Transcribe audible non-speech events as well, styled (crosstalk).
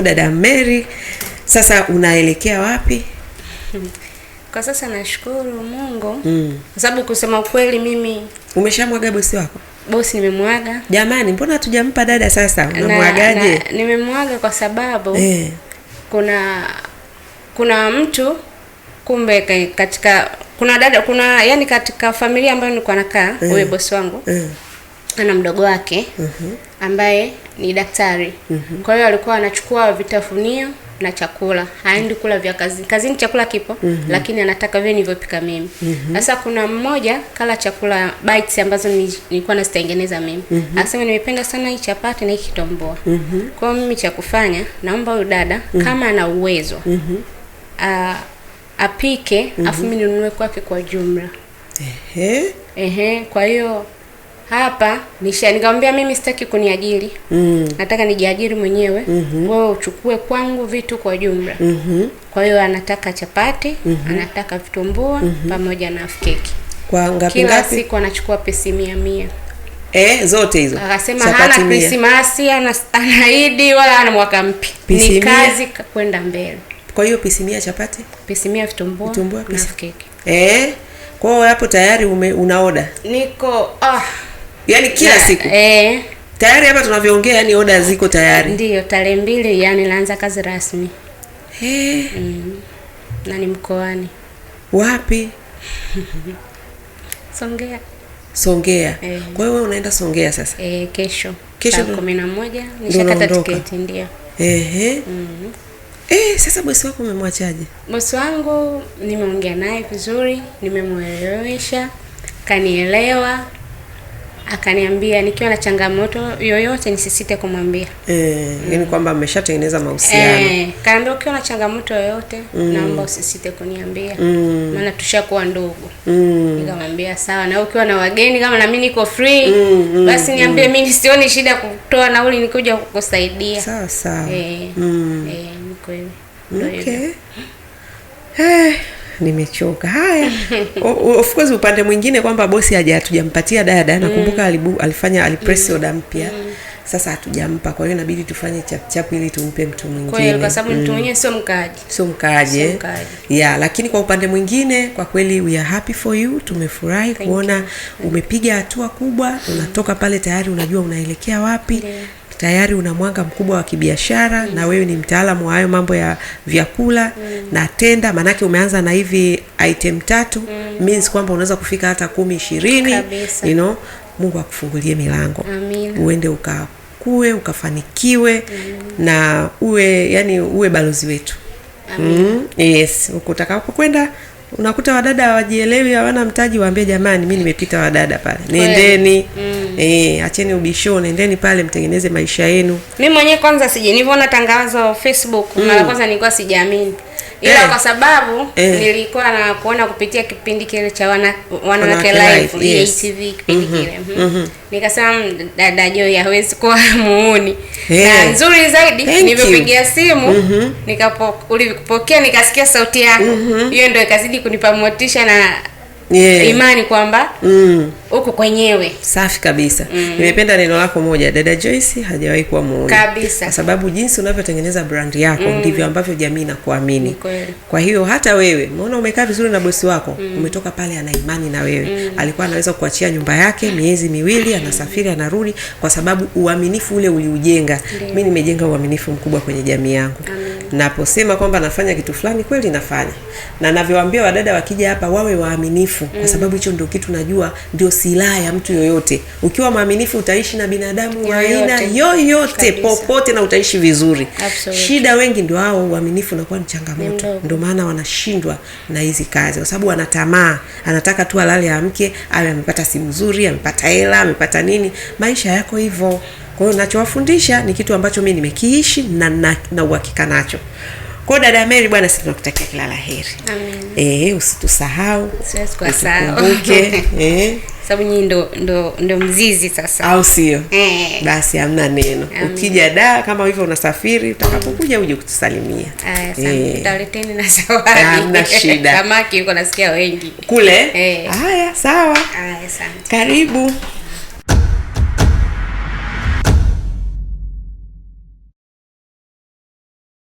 Dada Mary, sasa unaelekea wapi? Kwa sasa nashukuru Mungu mm. Kwa sababu kusema ukweli mimi umeshamwaga bosi wako? Bosi nimemwaga. Jamani, mbona hatujampa dada? Sasa unamwagaje? Nimemwaga kwa sababu eh, kuna kuna mtu kumbe katika kuna dada kuna yani katika familia ambayo nilikuwa nakaa eh. huyo eh, bosi wangu eh, ana mdogo wake uh mhm. -huh ambaye ni daktari. mm -hmm. Kwa hiyo alikuwa anachukua vitafunio na chakula, haendi kula vya kazini. Kazini chakula kipo, mm -hmm. lakini anataka vile nilivyopika mimi. Mhm. Sasa mm -hmm. kuna mmoja kala chakula bites ambazo nilikuwa nazitengeneza mimi mm -hmm. akasema nimependa sana hii chapati na hii kitomboa mm -hmm. Kwa mimi cha kufanya, naomba huyu dada mm -hmm. kama ana uwezo mm -hmm. apike, mm -hmm. afu mimi nunue kwake kwa jumla. Ehe. Ehe, kwa hiyo hapa nisha nikamwambia mimi sitaki kuniajiri mm. nataka nijiajiri mwenyewe mm -hmm. wewe uchukue kwangu vitu kwa jumla mm -hmm. kwa hiyo anataka chapati mm -hmm. anataka vitumbua mm -hmm. pamoja na keki kwa ngapi kila ngapi? siku anachukua pesi mia mia Eh, zote hizo akasema hana Krismasi ana anaidi wala ana mwaka mpya, ni kazi kwenda mbele. Kwa hiyo pisimia chapati, pisimia mia vitumbua, vitumbua pesi keki eh. kwao hapo tayari ume, unaoda niko ah oh yani kila na, siku eh. Tayari hapa tunavyoongea, yani oda ziko tayari. Ndiyo, tarehe mbili yani naanza kazi rasmi hey. Mm. na ni mkoani wapi? (laughs) Songea. Songea eh. Kwa hiyo wewe unaenda Songea sasa eh, kesho kesho kumi na moja nishakata tiketi ndio. eh. Mm. Eh, sasa bosi wako umemwachaje? Bosi wangu nimeongea naye vizuri, nimemwelewesha, kanielewa akaniambia nikiwa na changamoto yoyote nisisite kumwambia. Eh, yani kwamba ameshatengeneza mahusiano. Eh, kaambia ukiwa na changamoto yoyote mm. naomba usisite kuniambia. Mm. Maana tushakuwa ndugu. Mm. Nikamwambia sawa na ukiwa na wageni kama na mimi niko free mm, mm, basi mm. niambie mm. mimi sioni shida kutoa nauli nikuja kukusaidia. Sawa sawa. Eh. Mm. Eh, Okay. Eh nimechoka. Haya, (laughs) of course upande mwingine kwamba bosi haja hatujampatia dada. Nakumbuka mm. alifanya alipress mm. oda mpya mm sasa hatujampa, kwa hiyo inabidi tufanye chapuchapu ili tumpe mtu mwingine, kwa sababu mtu mm. mwenyewe sio mkaaji, sio mkaaji yeah. Lakini kwa upande mwingine, kwa kweli we are happy for you, tumefurahi kuona umepiga hatua kubwa, mm. unatoka pale tayari unajua unaelekea wapi yeah tayari una mwanga mkubwa wa kibiashara mm. na wewe ni mtaalamu wa hayo mambo ya vyakula mm. na tenda, maanake umeanza na hivi item tatu mm. means kwamba unaweza kufika hata kumi ishirini you know, Mungu akufungulie milango Amina. Uende ukakue ukafanikiwe Amina. na uwe yani uwe balozi wetu mm, yes. Utakapokwenda unakuta wadada hawajielewi, hawana mtaji, waambie jamani, mi nimepita wadada pale, nendeni mm. Eh, acheni ubishoni, nendeni pale mtengeneze maisha yenu. Mimi mwenyewe kwanza sije nilivyoona tangazo Facebook, mm. mara kwanza nilikuwa sijaamini. Ila eh, kwa sababu eh, nilikuwa na kuona kupitia kipindi kile cha wana wanawake live e yes. TV kipindi mm-hmm. mhm. mm-hmm. mm -hmm. kile. Mm -hmm. Nikasema dada Joy hawezi kuwa (laughs) muuni. eh, Na nzuri zaidi nilipopigia simu mm -hmm. nikapokea nikasikia sauti yako. Mm-hmm. Hiyo -hmm. ndio ikazidi kunipa motisha na yeah. imani kwamba mm. uko kwenyewe. Safi kabisa mm. nimependa neno lako moja, dada Joyce hajawahi kuwa muone kabisa, kwa sababu jinsi unavyotengeneza brand yako mm. ndivyo ambavyo jamii inakuamini. Kwa hiyo hata wewe umeona umekaa vizuri na bosi wako mm. umetoka pale, ana imani na wewe mm. alikuwa anaweza kuachia nyumba yake miezi miwili, anasafiri anarudi, kwa sababu uaminifu ule uliujenga. Mimi nimejenga uaminifu mkubwa kwenye jamii yangu Amen naposema kwamba nafanya kitu fulani kweli nafanya, na navyowaambia wadada wakija hapa wawe waaminifu mm. kwa sababu hicho ndio kitu najua ndio silaha ya mtu yoyote. Ukiwa mwaminifu utaishi na binadamu wa aina yoyote popote, na utaishi vizuri Absolutely. Shida wengi ndio hao, uaminifu unakuwa ni changamoto, ndio maana wanashindwa na hizi kazi, kwa sababu wanatamaa, anataka tu alale amke, awe amepata simu nzuri, amepata hela, amepata nini. Maisha yako hivyo kwa hiyo ninachowafundisha ni kitu ambacho mimi nimekiishi na na, na uhakika nacho. Kwa hiyo dada Mary, bwana, sisi tunakutakia kila la heri. Amen. Eh, usitusahau. Siwezi kusahau. Eh. (laughs) Sababu nyinyi ndo, ndo, ndo mzizi sasa, au sio? Eh. Basi hamna neno. Amen. Ukija da kama hivyo unasafiri, utakapokuja uje kutusalimia. Eh. Tutaleteni na zawadi. Hamna (laughs) shida. Samaki yuko nasikia wengi. Kule? Eh. Haya, sawa. Haya, asante. Karibu.